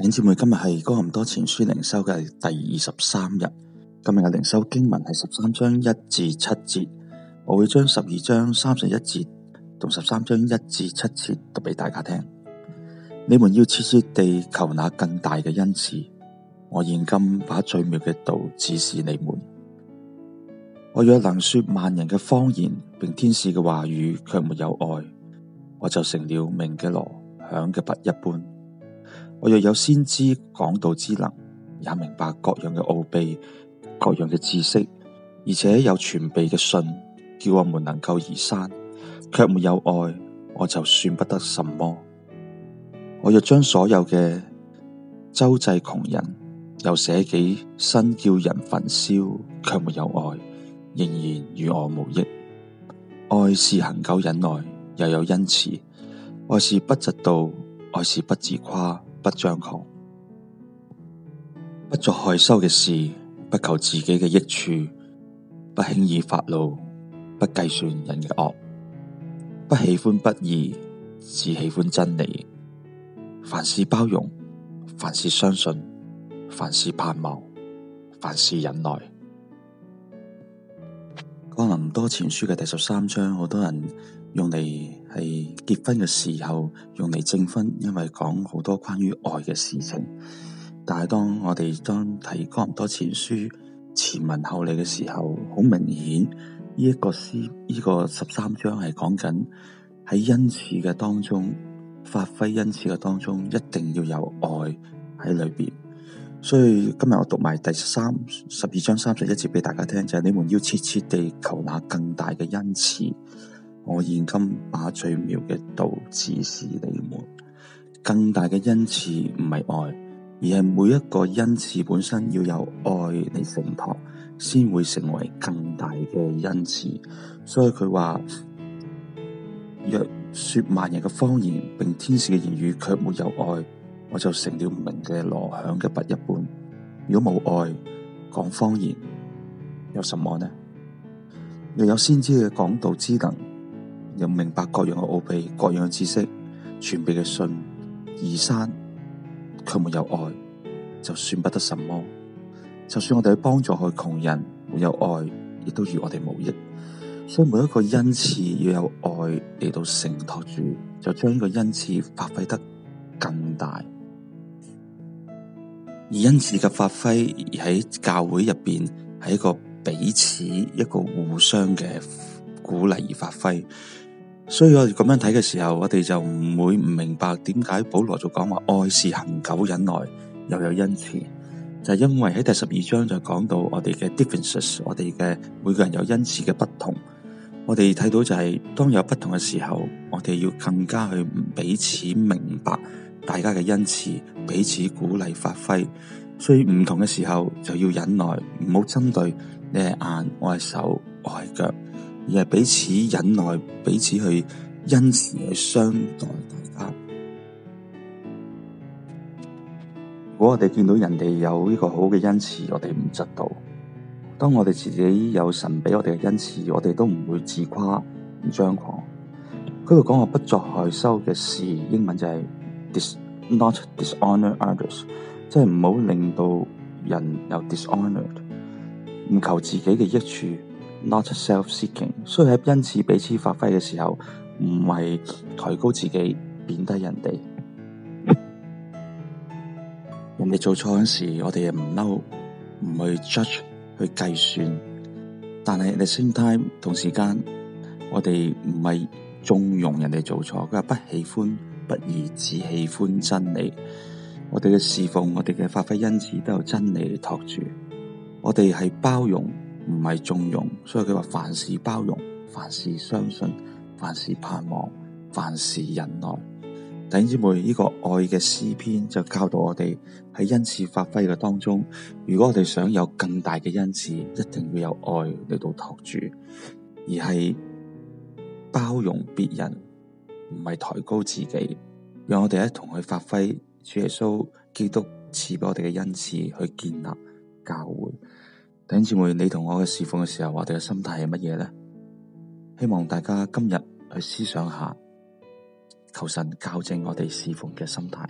弟兄姐妹，今日係《哥林多前書》靈修嘅第二十三日。今日嘅靈修經文係十三章一至七節，我會將十二章三十一節同十三章一至七節讀俾大家聽。你們要切切地求那更大嘅恩賜。我現今把最妙嘅道指示你們。我若能說萬人嘅方言，並天使嘅話語，卻沒有愛，我就成了鳴嘅鑼、響嘅鈸一般。我若有先知講道之能，也明白各樣嘅奧秘、各樣嘅知識，而且有全備嘅信，叫我們能夠移山，卻沒有愛，我就算不得什麼。我若將所有嘅周濟窮人，又捨己身叫人焚燒，卻沒有愛，仍然與我無益。愛是恒久忍耐，又有恩慈；愛是不嫉妒，愛是不自誇。不張狂，不做害羞嘅事，不求自己嘅益處，不輕易發怒，不計算人嘅惡，不喜歡不義，只喜歡真理。凡事包容，凡事相信，凡事盼望，凡事忍耐。《哥林多前書》嘅第十三章，好多人用嚟係結婚嘅時候用嚟證婚，因為講好多關於愛嘅事情。但係當我哋當睇《哥林多前書》前文後理嘅時候，好明顯呢一、這個詩呢、呢個十三章係講緊喺恩賜嘅當中發揮恩賜嘅當中，一定要有愛喺裏邊。所以今日我讀埋第三十二章三十一節畀大家聽，就係、是，你們要切切地求那更大嘅恩賜。我現今把最妙嘅道指示你們，更大嘅恩賜唔係愛，而係每一個恩賜本身要有愛嚟承托先會成為更大嘅恩賜。所以佢話，若說萬人嘅方言，並天使嘅言語，卻沒有，有愛。我就成了鳴嘅羅響嘅鈸一般。如果冇愛講方言，有什麼呢？又有先知嘅講道之能，又明白各樣嘅奧秘、各樣嘅知識，傳俾嘅信移山，卻沒有愛，就算不得什麼。就算我哋去幫助去窮人，沒有愛，亦都與我哋無益。所以每一個恩賜要有愛嚟到承托住，就將呢個恩賜發揮得更大。而恩賜嘅發揮，而喺教會入邊，係一個彼此、一個互相嘅鼓勵而發揮。所以我哋咁樣睇嘅時候，我哋就唔會唔明白點解保羅就講話愛是恒久忍耐，又有恩賜。就係、是、因為喺第十二章就講到我哋嘅 differences，我哋嘅每個人有恩賜嘅不同。我哋睇到就係、是、當有不同嘅時候，我哋要更加去彼此明白。大家嘅恩慈，彼此鼓勵發揮，所以唔同嘅時候就要忍耐，唔好針對你係眼，我係手，我係腳，而係彼此忍耐，彼此去恩慈去相待大家。如果我哋見到人哋有呢個好嘅恩慈，我哋唔嫉妒。當我哋自己有神俾我哋嘅恩慈，我哋都唔會自誇、唔張狂。嗰度講話不作害羞嘅事，英文就係、是。Dis, not dishonor others，即係唔好令到人有 dishonored，唔求自己嘅益處，not self-seeking。Se eking, 所以喺恩慈彼此發揮嘅時候，唔係抬高自己，貶低人哋。人哋 做錯嗰時，我哋又唔嬲，唔去 judge 去計算。但係你 same time 同時間，我哋唔係縱容人哋做錯，佢係不喜歡。不宜只喜歡真理，我哋嘅侍奉，我哋嘅發揮，因此都有真理托住。我哋係包容，唔係縱容，所以佢話凡事包容，凡事相信，凡事盼望，凡事忍耐。弟兄姊妹，呢、這個愛嘅詩篇就教導我哋喺恩賜發揮嘅當中，如果我哋想有更大嘅恩賜，一定要有愛嚟到托住，而係包容別人。唔係抬高自己，讓我哋一同去發揮主耶穌基督賜畀我哋嘅恩賜，去建立教會。弟兄姊妹，你同我嘅侍奉嘅時候，我哋嘅心態係乜嘢咧？希望大家今日去思想下，求神校正我哋侍奉嘅心態。